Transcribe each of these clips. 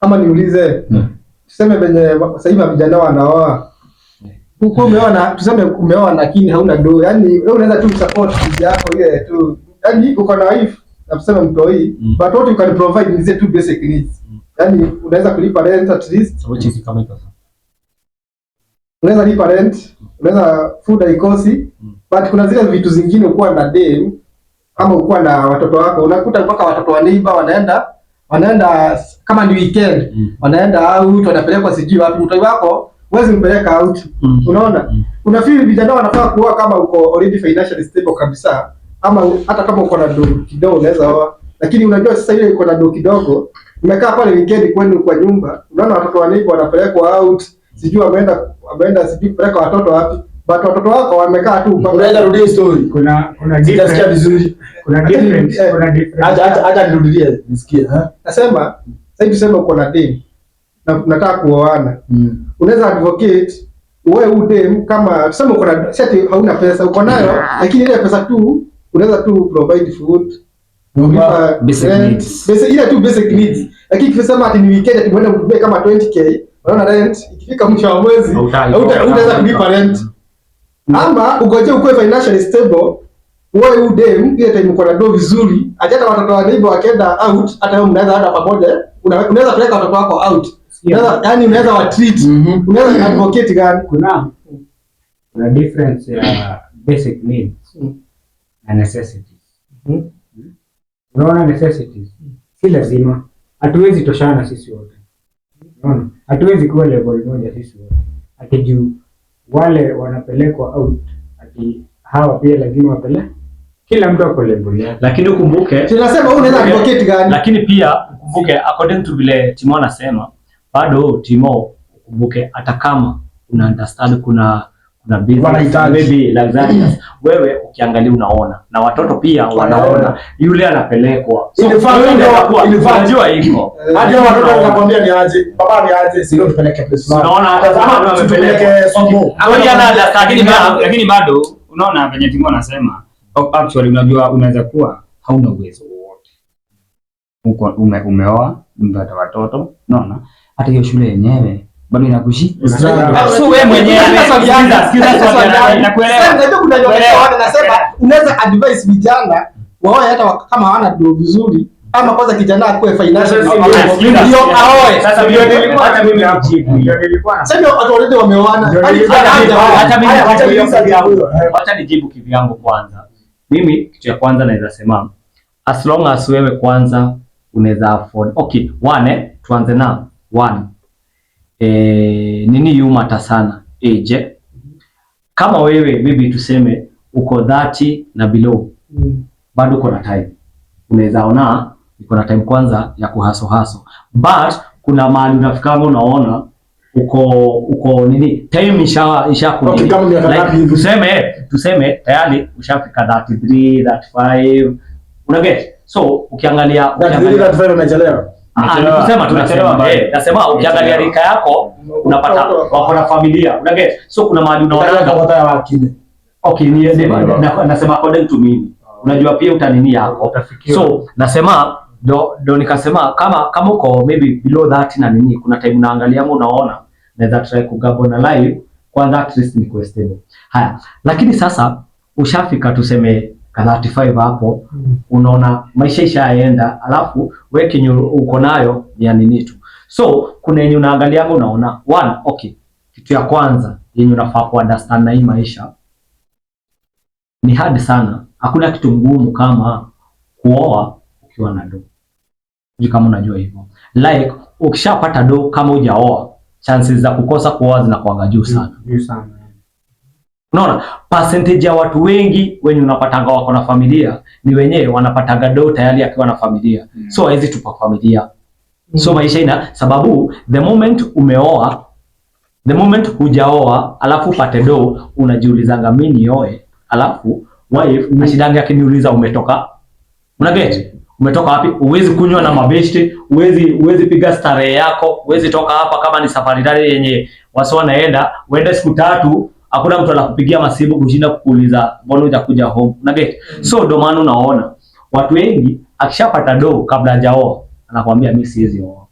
ama niulize hmm. Tuseme venye sasa hivi vijana wanaoa huko, umeoa na tuseme umeoa lakini hauna do, yani wewe unaweza tu support bibi yako ile tu, yani uko na wife na tuseme mtoi mm. but what you can provide is two basic needs mm. Yani unaweza kulipa rent at least, so which is kama hiyo unaweza lipa rent, hmm. unaweza food haikosi mm. but kuna zile vitu zingine, ukuwa na dem ama ukuwa na watoto wako, unakuta mpaka watoto wa neighbor wanaenda wanaenda kama ni weekend mm. wanaenda out wanapelekwa sijui wapi. Mtoi wako huwezi mpeleka out mm. unaona mm. una feel vijana wanafaa kuoa kama uko already financially stable kabisa, ama hata kama uko na do kidogo unaweza oa, lakini unajua sasa ile iko na do kidogo, umekaa pale weekend kwenu kwa nyumba, unaona watoto waniko wanapelekwa out, sijui wameenda wameenda sijui kupeleka watoto wapi but watoto wako wamekaa tu. Unaweza rudia story, kuna kuna difference, vizuri, kuna eh, difference, eh, kuna difference. Acha acha nirudie nisikie. Nasema sasa, tuseme uko na demu na nataka kuoana, mm. unaweza advocate wewe udem, kama tuseme uko na seti, hauna pesa, uko nayo ah. lakini ile pesa tu unaweza tu provide food ile tu basic needs, lakini kusema ati ni weekend ati mwende mtumie kama 20k, unaona rent ikifika mwisho wa mwezi au kulipa rent mm. Ama ugoje ukue financially stable, wewe udem ile time uko na do vizuri, ajata watoto wa neighbor wakenda out, hata wewe mnaweza hata pamoja, unaweza peleka watoto wako out. Unaweza yani unaweza wa treat, mm-hmm. unaweza advocate gani? Kuna kuna difference ya basic needs na necessities. Mm-hmm. Unaona necessities si lazima, hatuwezi toshana sisi wote. Unaona? Hatuwezi kuwa level moja sisi wote. Ati wale wanapelekwa out ati hawa pia lazima wapele, kila mtu ako level yake, lakini ukumbuke tunasema wewe unaenda advocate gani, lakini pia ukumbuke according to vile Timo anasema, bado Timo ukumbuke, hata kama una understand kuna na business, Wewe ukiangalia unaona na watoto pia wanaona yule anapelekwa, unajua eh, watoto ni aje, baba ni aje, sio tupeleke pesa. hata kama somo, lakini lakini bado unaona venye timu anasema oh, actually, unajua unaweza kuwa hauna uwezo wowote, uko umeoa, mtata watoto, unaona hata hiyo shule yenyewe bado inakushi unaweza advise vijana waoe hata kama hawana ndio vizuri, ama kwanza kijana akuwe ndio aoe. Sasa mimi hapo sasa, nijibu kivyangu kwanza. Mimi kitu ya kwanza naweza sema as long as wewe kwanza unaweza afford. Okay, one eh, tuanze na one e, nini yuma ta sana eje eh, kama wewe bibi tuseme uko dhati na below mm. bado uko na time, unaweza ona uko na time kwanza ya kuhaso haso, but kuna mahali unafika unaona uko uko nini time isha isha kuni okay, like, tuseme tuseme tayari ushafika 33 35 una get so ukiangalia ukiangalia 35 umechelewa Ah, nasema ukiangalia oh, rika yako unapata wako na familia, una get so kuna mahali unaona okay, ni yeye nasema according to me, unajua pia utanini yako, so nasema do do nikasema kama kama uko maybe below that na nini, kuna time naangalia ama unaona naweza try ku gabo na live kwa that least ni question haya, lakini sasa ushafika tuseme ka 35 hapo mm. Unaona maisha ishaenda, alafu wewe kenye uko nayo ya nini tu. So kuna yenye unaangalia hapo, unaona one, okay, kitu ya kwanza yenye unafaa ku understand na hii maisha ni hard sana. Hakuna kitu ngumu kama kuoa ukiwa na do, sijui kama unajua hivyo, like ukishapata do kama hujaoa chances za kukosa kuoa zinakuwa juu sana, juu sana Unaona, percentage ya watu wengi wenye unapatanga wako na familia ni wenyewe wanapataga do tayari akiwa na familia mm. So hawezi tupa familia mm. So maisha ina sababu, the moment umeoa, the moment hujaoa alafu upate do, unajiulizanga mimi nioe, alafu wife mshidange akiniuliza umetoka, una get umetoka wapi? Uwezi kunywa na mabeshte, uwezi uwezi piga starehe yako, uwezi toka hapa. Kama ni safari yenye wasi wanaenda uende siku tatu hakuna mtu anakupigia masimu kushinda kukuuliza mbona utakuja home, una get mm. so. ndo maana unaona watu wengi akishapata do kabla hajaoa anakuambia mimi siwezi oa.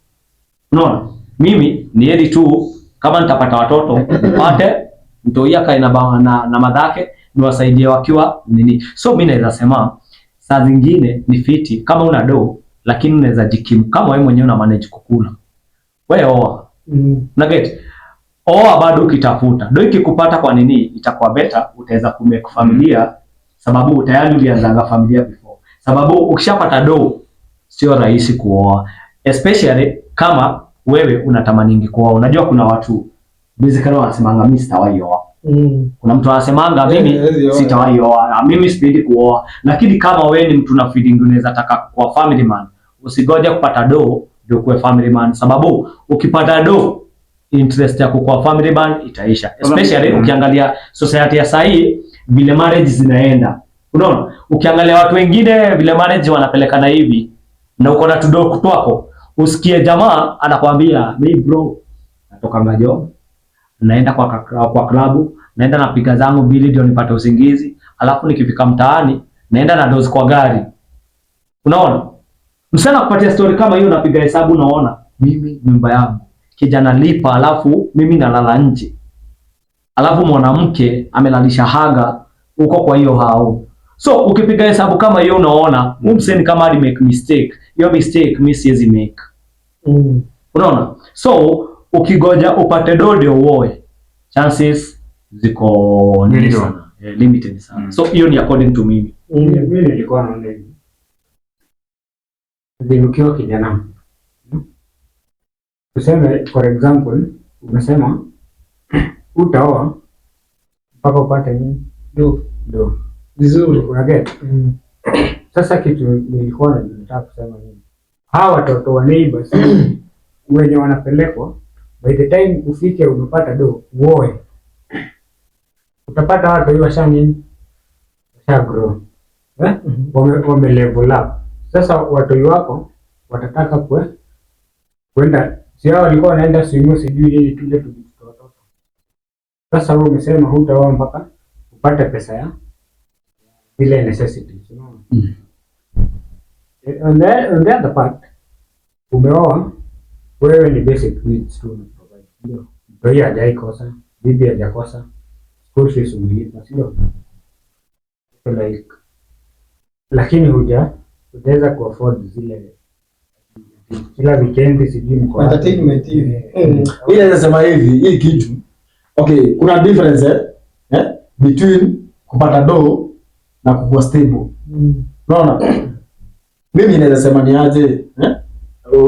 Unaona, mimi ni niende tu, kama nitapata watoto nipate mtoia kae na, na, na madhake niwasaidie wakiwa nini. So mimi naweza sema saa zingine ni fiti kama una do, lakini unaweza jikimu kama wewe mwenyewe una manage kukula, wewe oa, mm. una get Oa bado ukitafuta ndio ikikupata, kwa nini itakuwa beta, utaweza kumake familia, sababu tayari ulianzanga familia before, sababu ukishapata do sio rahisi kuoa, especially kama wewe unatamaningi kuoa. Unajua kuna watu basically wanasemanga mimi sitawahi oa mm. Kuna mtu anasemanga mimi sitawahi oa na ah, mimi sipendi kuoa, lakini kama wewe ni mtu na feeling unaweza taka kuwa family man, usigoje kupata do ndio kuwe family man, sababu ukipata do interest yako kwa family band itaisha, especially mm Ukiangalia society ya hii vile marriage zinaenda, unaona, ukiangalia watu wengine vile marriage wanapelekana hivi, na uko na tudo kutwako, usikie jamaa anakwambia mimi bro, natoka majo, naenda kwa kwa klabu, naenda napiga zangu bili ndio nipate usingizi, alafu nikifika mtaani naenda na dozi kwa gari. Unaona msana kupatia story kama hiyo, napiga hesabu, naona mimi nyumba yangu kijana lipa, alafu mimi nalala nje, alafu mwanamke amelalisha haga uko kwa hiyo hao. So ukipiga hesabu kama hiyo, unaona huyu mm. ni kama ali make mistake, hiyo mistake mimi siwezi make mm. Unaona, so ukigoja upate dodo uoe, chances ziko nini sana eh, limited sana mm. So hiyo ni according to mimi mm. Mimi nilikuwa naona hivi, ndio kijana Tuseme for example umesema utaoa mpaka upate nini? Do do vizuri, unaget mm. Sasa kitu nilikuwa nataka kusema nini, hawa watoto wa neighbors wenye wanapelekwa, by the time ufike umepata do woe, utapata watu washa nini, washa grow eh, mm-hmm. wame, wame level up. Sasa watoi wako watataka kwe kwenda Si hao walikuwa wanaenda simu sijui ili tuje tujifuta watoto. Sasa wewe umesema hutaoa mpaka upate pesa ya ile necessity, you know. Mm. And then and then the part, umeoa wewe ni basic needs tu na provide. ndio. Ndio ya dai kosa, bibi ya kosa. School fees umelipa, sio? Like lakini huja utaweza kuafford zile kila weekend sijui mko entertainment hivi. Eh. Eh. Ila nasema hivi, hii kitu okay, kuna difference eh, eh between kupata do na kukuwa stable. Mm. Unaona, Mm. mimi naweza sema ni aje eh,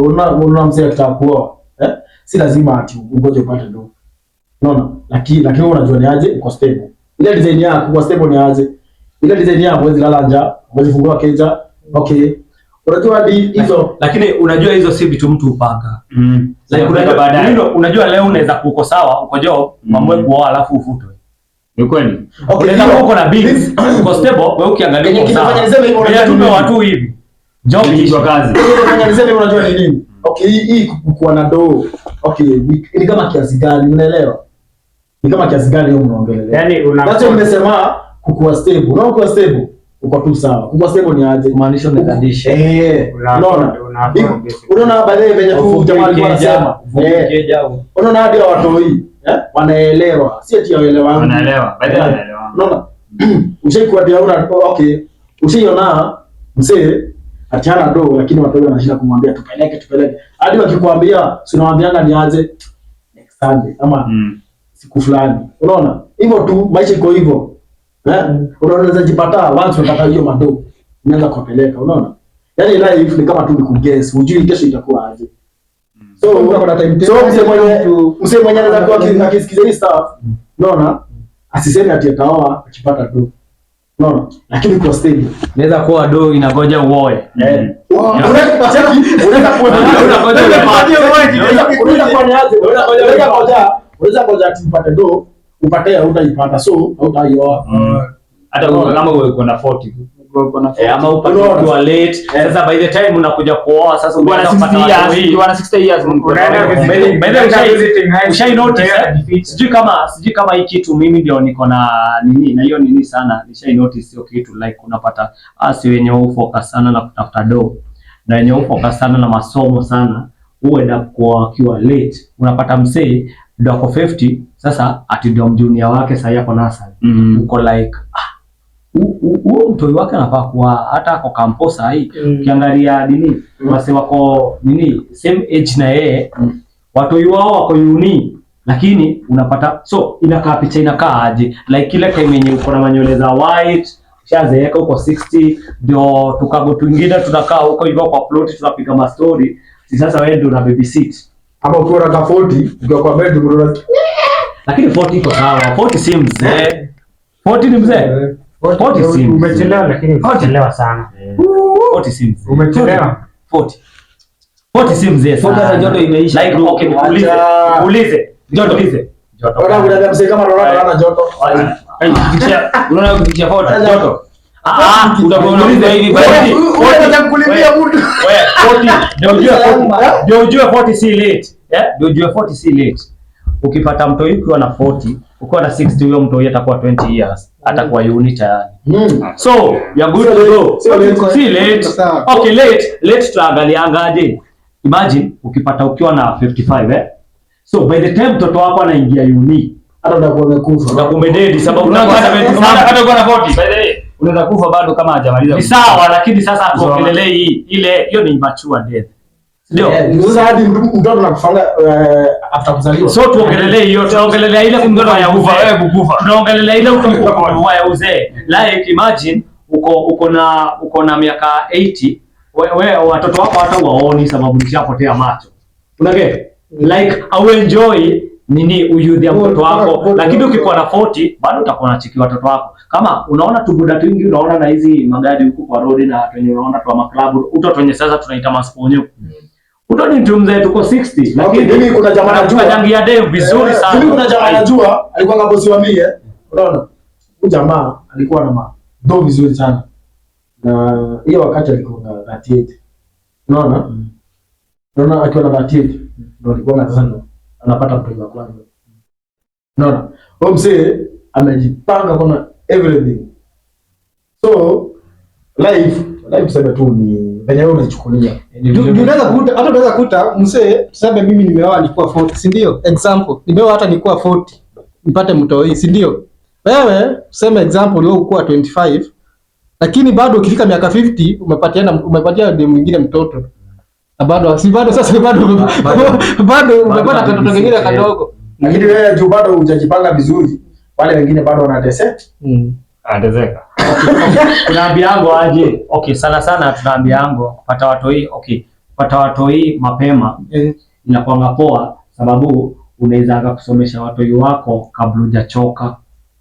una una msia kitakuwa, eh, si lazima ati ungoje upate do. Unaona, lakini lakini unajua ni aje uko stable. Ile design yako kwa stable ni aje? Ile design yako huwezi lala njaa, huwezi fungua keja. Okay. Unajua hizo lakini unajua hizo si vitu mtu upanga. Mm. unajua Unajua leo unaweza kuko sawa uko job, mm. mambo yako alafu ufutwe. Ni kweli. Unaweza uko na bills, uko stable, wewe ukiangalia uko sawa. Bila tupe watu hivi. Job ni kazi. Unafanya unajua ni nini? Okay, hii kuwa na do. Okay, ni kama kiasi gani unaelewa? Ni kama kiasi gani wewe unaongelea? Yaani unasema kukuwa stable, unaokuwa stable uko tu sawa. Kubwa sema ni aje maanisho ni kandisha. Eh, eh, unaona? Unaona baadaye venye tu jamaa alikuwa anasema. Eh. Unaona hadi watoi, eh? eh? Wanaelewa. Si eti waelewa. Wanaelewa. Baadaye eh. wanaelewa. Unaona? Ushaikuwa dia una okay. Usiona mzee achana do lakini watoi wanashinda kumwambia tupeleke tupeleke. Hadi wakikwambia si sinawaambianga ni aje next Sunday ama mm. siku fulani. Unaona? Hivyo tu maisha iko hivyo. Eh? Unaweza jipata watu unataka hiyo mado. Unaanza kupeleka, unaona? Yaani life ni kama tu ni kuguess, hujui kesho itakuwa aje. So unakuwa na time table. So mse mwenye mse mwenye anaweza anataka akisikiza hii stuff, unaona? Asiseme ati ataoa akipata tu. Unaona? Lakini kwa stage inaweza kuwa do inagoja uoe. Eh. Unaweza kupata unaweza kuwa unaweza kuwa unaweza kuwa unaweza kuwa unaweza kuwa upate hautaipata, so hautaioa mm. hata kama uko na 40 eh, ama late eh. sasa, by the time na 60 years, eh? Sijui kama sijui kama hii kitu mimi ndio niko na nini na hiyo nini sana, nishai notice hiyo kitu like, unapata asi ah, wenye focus sana na kutafuta do na wenye focus sana na masomo sana, uenda kuoa wakiwa late, unapata msee ndio ako 50 sasa, ati ndio mjunior wake sasa yako nasa Mm. Mm-hmm. Uko like ah, huo mtoi wake anafaa kuwa hata ako kampo sasa hii. Mm. Ukiangalia nini? Mm. Wase wako nini? Same age na yeye. Mm. Watoi wao wako uni. Lakini unapata so inakaa picha inakaa aje? Like kila time yenye uko na manyole za white shazeeka uko 60 ndio tukago tuingine tunakaa huko hivyo kwa plot tunapiga mastori. Sasa wewe ndio una babysit. Ama ukiwa na 40 ukiwa kwa bed unaona. Lakini 40 iko sawa. 40 si mzee. 40 eh. ni mzee. 40 si umechelewa lakini umechelewa sana. 40 si mzee. Umechelewa. 40. 40 si mzee sana. Sasa joto imeisha. Like okay, ulize. Ulize. Joto ulize. Joto. Bora mzee kama Ronaldo ana joto. Unaona kufikia 40 joto. Ukipata mto ukiwa na 40 ukiwa na 60, huyo mto atakuwa 20 years, atakuwa uni tayari. Hmm. So you good to go, si late. Okay, late late, tutaangalia angaje. Imagine ukipata ukiwa na 55, eh, so by the time mtoto wako anaingia uni, hata utakuwa amekufa. utakuwa dead, sababu unataka na 40 by the way unaweza kufa bado kama hajamaliza. Ni sawa, lakini sasa hii ile hiyo ni mature death. Ndio. Eh, eh, so hiyo, ile ya wewe kukufa. ile ya uzee. Like imagine uko uko na uko na miaka 80 wewe watoto wako hata sababu nishapotea macho. Like au enjoy nini uyudhi ya mtoto wako, lakini ukikuwa na 40 bado utakuwa unachikia watoto wako. Kama unaona tubuda twingi, unaona na hizi magari huko kwa road na watu unaona tu maklabu uto twenye sasa tunaita masponyo hmm. uto ni mtu mzee, tuko 60 lakini mimi kuna jamaa najua jangi ya dem vizuri eh, sana. Mimi kuna jamaa najua alikuwa na bosi wa mie, unaona huyu jamaa alikuwa na do vizuri sana, na hiyo wakati alikuwa na 38 unaona hmm. unaona, akiwa na 38 ndio alikuwa na sana anapata mtoto wa kwanza. Unaona? Huyo mzee amejipanga kwa everything. So life, life sema tu ni venye wewe unachukulia. Unaweza kukuta hata unaweza kukuta mzee tuseme mimi nimeoa nilikuwa 40, si ndio? Example, nimeoa hata nilikuwa 40 nipate mtoi, si ndio? Wewe tuseme example leo uko 25 lakini bado ukifika miaka 50 umepatia umepatia mwingine mtoto bado si bado sasa bado bado umepata katoto kingine kadogo, lakini mm. wewe tu bado hujajipanga vizuri, wale wengine bado wanateseka mm. Ah, tunaambiango aje? Okay, sana sana tunaambiango kupata watoi okay, kupata watoi mapema eh. inakuwa poa, sababu unaweza kusomesha watoi wako kabla hujachoka,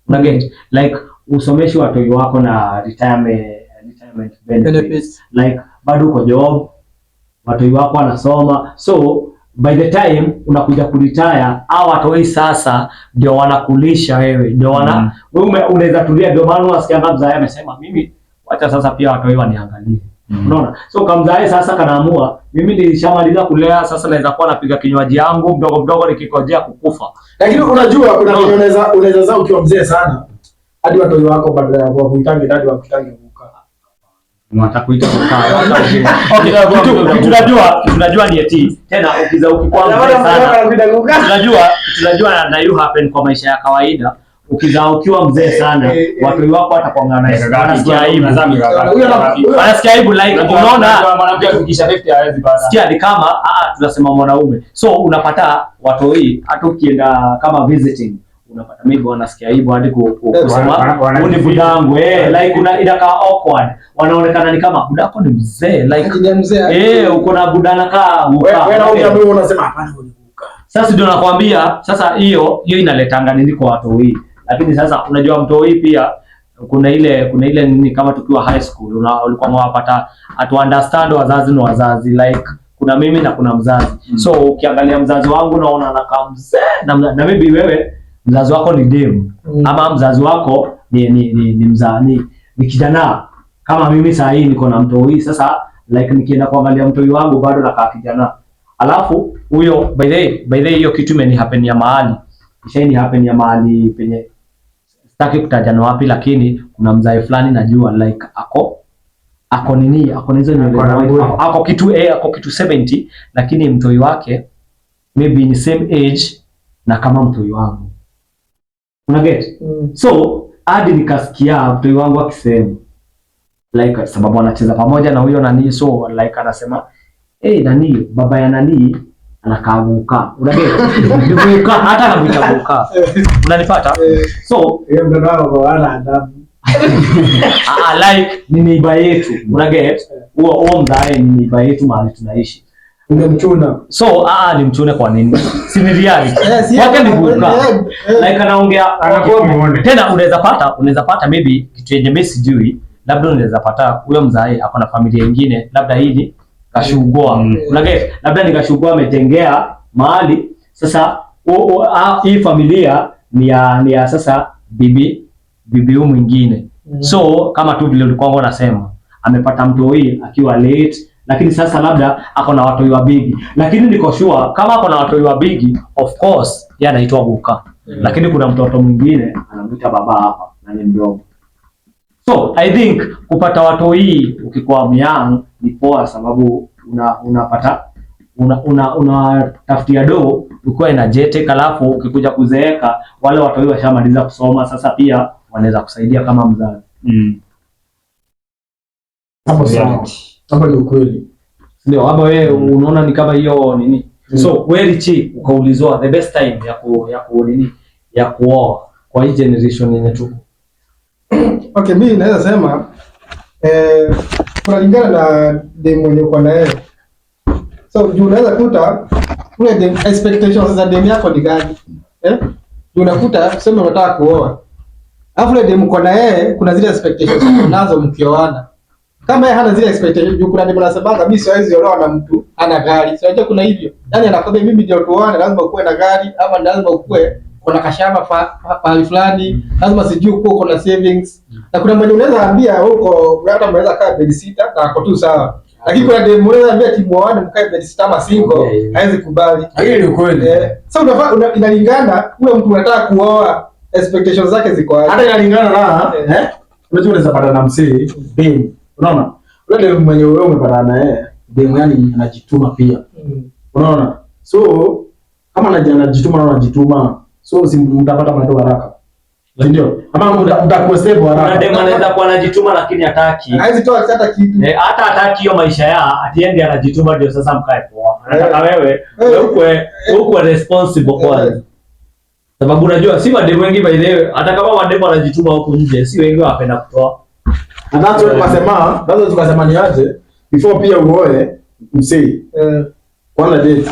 una get like usomeshe watoi wako na retirement, retirement Benefits. Like bado uko job matoi wako anasoma. so by the time unakuja kuretire au watoi sasa ndio wanakulisha wewe, ndio wana wewe mm. unaweza tulia. Ndio maana unasikia kama mzae amesema mimi, wacha sasa pia watoi waniangalie mm. unaona. So kama kamzae sasa kanaamua mimi nilishamaliza kulea, sasa naweza kuwa napiga kinywaji yangu mdogo mdogo nikikojea kukufa. Lakini unajua kuna unaweza unaweza zaa ukiwa mzee sana hadi watoi wako badala ya kuwa kuitange hadi wakutange tunajua tunajua ni eti tena ukiza ukikuwa tunajua na you happen kwa maisha ya kawaida ukiza ukiwa mzee sana, eh, eh, eh. watu wako watakuangalia wanasikia aibu, like unaona, sikia ni kama ah, ah, tunasema mwanaume, so unapata watu hii hata ukienda kama visiting unapata maybe wanasikia hivyo hadi eh, kusema ni budangu eh, like una ida ka awkward, wanaonekana ni kama budako ni mzee like ni mzee eh, uko na budana ka uka wewe Na wewe eh. unasema hapana. Sasa ndio nakwambia, sasa hiyo hiyo inaletanga nini kwa watu wii, Lakini sasa unajua mtu wii pia kuna ile kuna ile nini, kama tukiwa high school una ulikuwa mwapata atu understand wazazi na wazazi like kuna mimi na kuna mzazi mm. So ukiangalia mzazi wangu naona anakaa mzee na, na, na maybe wewe mzazi wako ni dem mm. ama mzazi wako ni ni, ni, ni, mza, ni, ni kijana kama mimi saa hii niko na mtoi sasa, like nikienda kuangalia mtoi wangu bado nakaa kijana. Alafu huyo by the by the hiyo kitu imeni happen ya mahali kisha ni happen ya mahali penye sitaki kutaja kutajana wapi, lakini kuna mzae fulani najua like ako ako nini ako nizo ni ako, ako kitu eh, ako kitu 70 lakini mtoi wake maybe ni same age na kama mtoi wangu una get Mm. So hadi nikasikia mtoi wangu akisema like sababu anacheza pamoja na huyo nani, so like anasema eh, hey, nani baba ya nani anakaanguka. una get Nivuka hata anavuka. Unanipata? So yeye mdogo wangu ana adabu. Ah, like ni neighbor yetu. una get Huo huo mzae ni neighbor yetu mahali tunaishi. Umemchuna. So aa, ah, ah, ni mchune kwa nini? Si ni reality. Eh, Wake ni good. Eh, eh. Like anaongea tena unaweza pata, unaweza pata maybe kitu yenye mimi sijui, labda unaweza pata huyo mzae ako na familia nyingine, labda hili kashugoa. Mm. Una get? Labda kashugua ametengea mahali. Sasa hii familia ni ya ni ya sasa bibi bibi huyu mwingine. Mm. So kama tu vile ulikuwa unasema, amepata mtu huyu akiwa late lakini sasa labda ako na watoi wa bigi, lakini niko sure kama ako na watoi wa bigi, of course yeye anaitwa Guka yeah. Mm. Lakini kuna mtoto mwingine anamuita baba hapa na ni mdogo, so I think kupata watoi ukikuwa myang ni poa, sababu unapata una una unatafutia do ukiwa energetic, alafu ukikuja kuzeeka wale watoi washamaliza kusoma, sasa pia wanaweza kusaidia kama mzazi mm. Hapa ni ukweli. Ndio, hapa wewe mm. unaona ni kama hiyo nini? Mm. So kweli chi ukaulizwa the best time ya ku ya ku nini? Ya kuoa kwa hii generation yenye tuko. Okay, mimi naweza sema eh, kunalingana na dem mwenye uko naye. So juu unaweza kuta ule the expectations za dem yako ni gani? Eh? Juu unakuta sema unataka kuoa. Afu ile dem uko naye kuna zile expectations nazo mkioana. Kama yeye hana zile expectation juu kuna ndio nasemaga mimi siwezi olewa na mtu ana gari. Siwajua kuna hivyo. Yaani anakwambia mimi ndio tuone lazima ukue na gari ama lazima ukue kuna kashamba fa fulani, lazima sijui ukue uko na savings. Na kuna mmoja unaweza ambia huko hata mnaweza kaa bed sita na ako tu sawa. Lakini kuna demo unaweza ambia timu wana mkae bed sita ama single, haiwezi kubali. Hiyo ni kweli. Eh, Sasa unafaa inalingana ule mtu unataka kuoa expectations zake ziko wapi. Hata inalingana na eh. Unajua unaweza pata na msee, babe Unaona? Yule dem mwenye wewe umepatana naye, demu yani anajituma pia. mm. Unaona? So kama anajituma na anajituma, so si mtapata matokeo haraka. Ndio. Ama mtakuwa save haraka. na demu anaweza kuwa anajituma lakini hataki. Haizi toa hata kitu. Eh, hata hataki hiyo maisha ya atiende anajituma ndio sasa mkae poa. Anataka eh. wewe wewe eh. ukwe ukwe responsible eh. kwanza. Sababu unajua si mademu wengi by the way, hata kama mademu anajituma huko nje, si wengi wapenda kutoa And that's why tukasema, that's why ni aje before pia uoe msei. Eh. Kwanza date.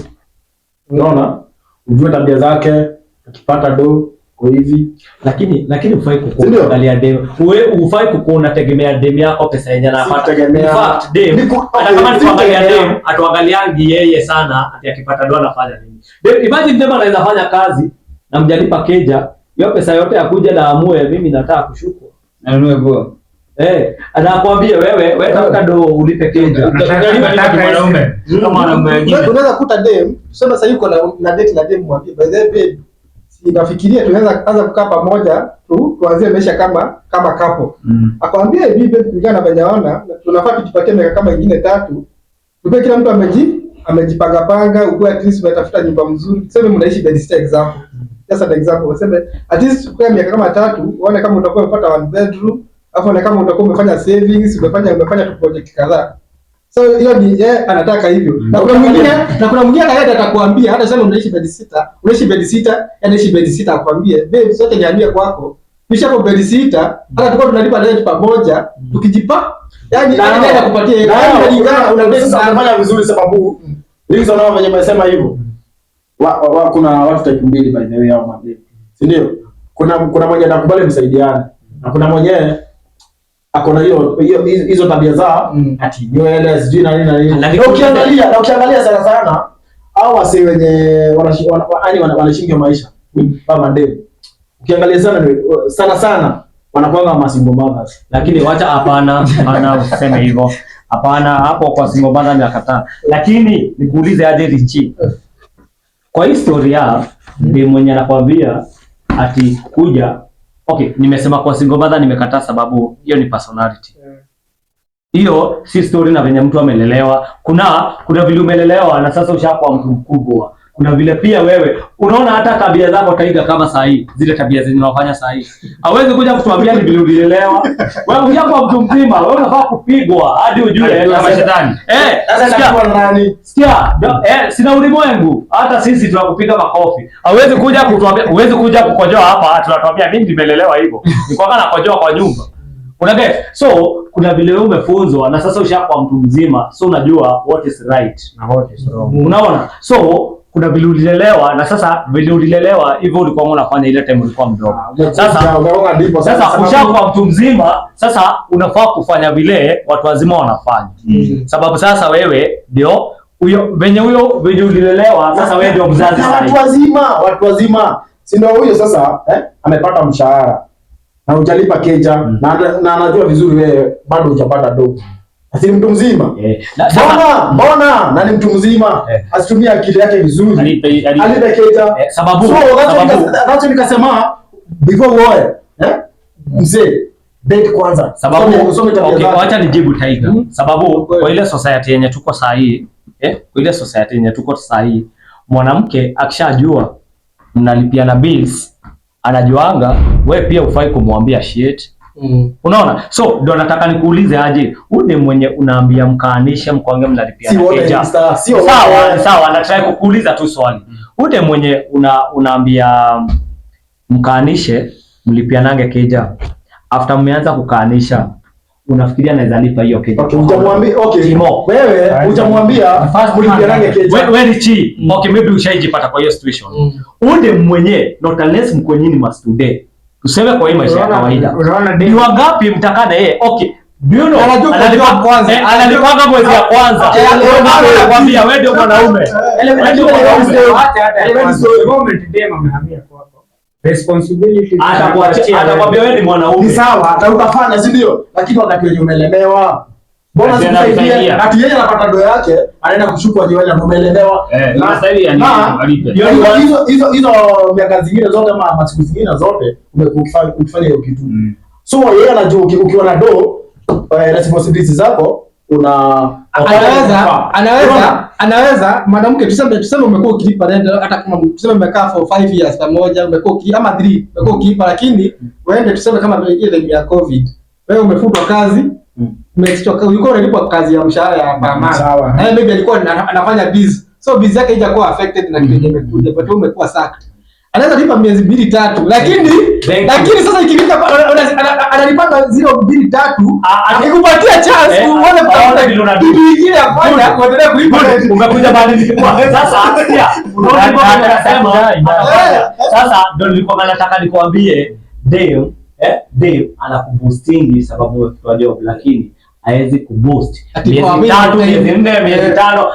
Unaona? Ujue tabia zake, akipata do kwa hivi. Lakini lakini ufai kuangalia dem. Wewe ufai kukuwa unategemea dem yako pesa yenyewe anapata. In fact, dem hata kama ni kuangalia dem, atuangaliangi yeye sana ati akipata do anafanya nini. Dem, imagine dem anaweza fanya kazi na mjalipa keja, hiyo pesa yote akuja na amue mimi nataka kushukwa. Na nunue boa. Eh, anakuambia wewe wewe tafuta eh. do ulipe keja. Tunaweza mm. kuta dem, tuseme sasa yuko na na date na dem mwambie by the way inafikiria tunaweza kuanza kukaa pamoja tu tuanzie maisha kama kama kapo. Mm. Akwambia hivi babe, kulingana na venyaona tunafaa tujipatie miaka kama ingine tatu. Tupe kila mtu ameji amejipanga panga, ukue at least umetafuta nyumba mzuri. Tuseme mnaishi bed star example. Just an example. Tuseme at least ukue miaka kama tatu, uone kama utakuwa umepata one bedroom afu na kama utakuwa umefanya savings, umefanya umefanya tu project kadhaa. So hiyo ni yeye anataka hivyo. Mm. Na kuna mwingine na kuna mwingine tayari atakwambia hata sema unaishi bed sita, unaishi bed sita, anaishi bed sita akwambie, "Babe, sote niambie kwako." Kisha kwa bedi sita, hata tukao tunalipa leo pamoja, mm. tukijipa. Yaani anaenda ya kupatia yeye. Unalingana unaweza kufanya vizuri sababu hizo mm. nao wenye wamesema hivyo. Mm. Wa, wa, wa, kuna watu type mbili by the way hao mabibi. Si ndio? Kuna kuna mmoja anakubali msaidiane na kuna mmoja akona hiyo hiyo hizo tabia za mm. ati nywele sijui na nini na nini, na ukiangalia na ukiangalia sana sana au wasi wenye wanashindwa wana, wana maisha mm. baba ndevu, ukiangalia sana sana sana wanakuwa ma single mothers, lakini wacha, hapana hapana, useme hivyo hapana, hapo kwa single mother ni nakataa. Lakini nikuulize aje Richi, kwa historia mm. mwenye anakwambia ati kuja Okay, nimesema kwa single mother nimekataa sababu hiyo ni personality. Hiyo si story na venye mtu amelelewa. Kuna kuna vile umelelewa na sasa ushakuwa mtu mkubwa kuna vile pia wewe unaona hata tabia zako taiga kama sahi zile tabia zenye unafanya sahi, hawezi kuja kutuambia ni vile ulielewa wewe. Ungia kwa mtu mzima, wewe unafaa kupigwa hadi ujue kama shetani eh. Sasa kwa nani? Sikia eh, sina ulimwengu, hata sisi tunakupiga makofi. Hawezi kuja kutuambia, huwezi kuja kukojoa hapa, tunatuambia mimi nimelelewa hivyo, Ni kwa kana kojoa kwa nyumba Una get? So kuna vile wewe umefunzwa na sasa ushakuwa mtu mzima, so unajua what is right na what is wrong. Unaona? So kuna vile ulilelewa na sasa vile ulilelewa hivyo ulikuwa unafanya ile time ulikuwa mdogo. Ah, sasa sasa ushakuwa mtu mzima, sasa unafaa kufanya vile watu wazima wanafanya mm. Sababu sasa wewe ndio huyo venye huyo venye ulilelewa, sasa wewe ndio mzazi sasa. Watu wazima, watu wazima, si ndio huyo sasa eh? Amepata mshahara na hujalipa keja mm. na, na anajua vizuri wewe bado hujapata dogo. Asi mtu mzima. Eh, mbona mbona na ni mtu mzima eh. asitumia akili yake vizuri. Alipe keta. Eh, sababu nacho nikasema before uoe, eh? Mzee date kwanza. Sababu okay, acha nijibu Tiger. Hmm? Sababu kwa ile society yenye tuko saa hii, eh? Kwa ile society yenye tuko saa hii, mwanamke akishajua mnalipiana bills, anajuanga wewe pia ufai kumwambia shit. Mm. Unaona? So ndio nataka nikuulize aje ule mwenye unaambia mkaanishe mkwange mnalipia si na sawa sawa, nataka kukuuliza tu swali. Mm. Ule mwenye una, unaambia mkaanishe mlipia nange keja. After mmeanza kukaanisha unafikiria naweza lipa hiyo keja? Okay, utamwambia okay. Timo, Wewe utamwambia first nange keja. Wewe we, wewe chi. Mm. Okay, maybe ushaijipata kwa hiyo situation. Mm. Ule mwenye not unless mko nyinyi must today. Tuseme kwa hii maisha ya kawaida. Ni wangapi mtakaa na yeye? Okay. Analipanga eh, mwezi ya kwanza. Eh, Anakuambia wewe ndio mwanaume. Atakuambia wewe ni mwanaume. Ni sawa, atakufanya si ndio? Lakini wakati wenye umelemewa Mbona sikusaidia? Ati yeye anapata ndoa yake, anaenda kushukwa jiwani umeelewa. Eh, na sasa hivi alipe. Hizo hizo hizo miaka zingine zote ama masiku zingine zote umekufanya kufanya hiyo kitu. Mm. So yeye anajua ukiwa na doo eh, responsibilities zako una anaweza anaweza anaweza mwanamke, tuseme tuseme umekuwa ukilipa rent, hata kama tuseme umekaa for 5 years pamoja, umekuwa ukilipa ama 3 umekuwa ukilipa, lakini mm. waende tuseme kama ile ya covid, wewe umefutwa kazi next yuko analipwa kazi ya mshahara ya pamana. Sawa. Na maybe alikuwa anafanya busy. So busy yake haijakuwa affected na kimekuja, but wewe umekuwa sacked. Anaweza lipa miezi mbili tatu, lakini lakini sasa ikifika zero mbili tatu, akikupatia chance eh, uone kama kitu kingine afanya kuendelea kulipa. bali sasa unaona eh, anasema eh. sasa ndio nilikuwa nataka Dave, eh Dave anakuboostingi sababu job lakini hawezi kuboost miezi tatu, miezi nne, miezi tano,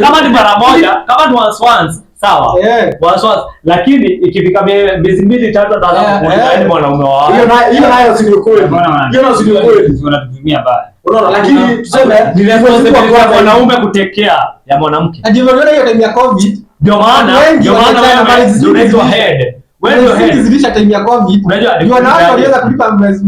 kama ni mara moja, kama ni once once sawa, Yeah. once, lakini ikifika miezi mbili tatu, ataanza eh, kuona eh. ni mwanaume wa hiyo, hiyo nayo si kweli, hiyo nayo si kweli, tunatumia baya Unaona, lakini ah. tuseme ni responsibility kwa mwanaume kutekea ya mwanamke. Ajivyona hiyo time ya COVID, ndio maana ndio maana wewe unaitwa head. Wewe ndio head time ya COVID. Unajua wanawake waliweza kulipa mwezi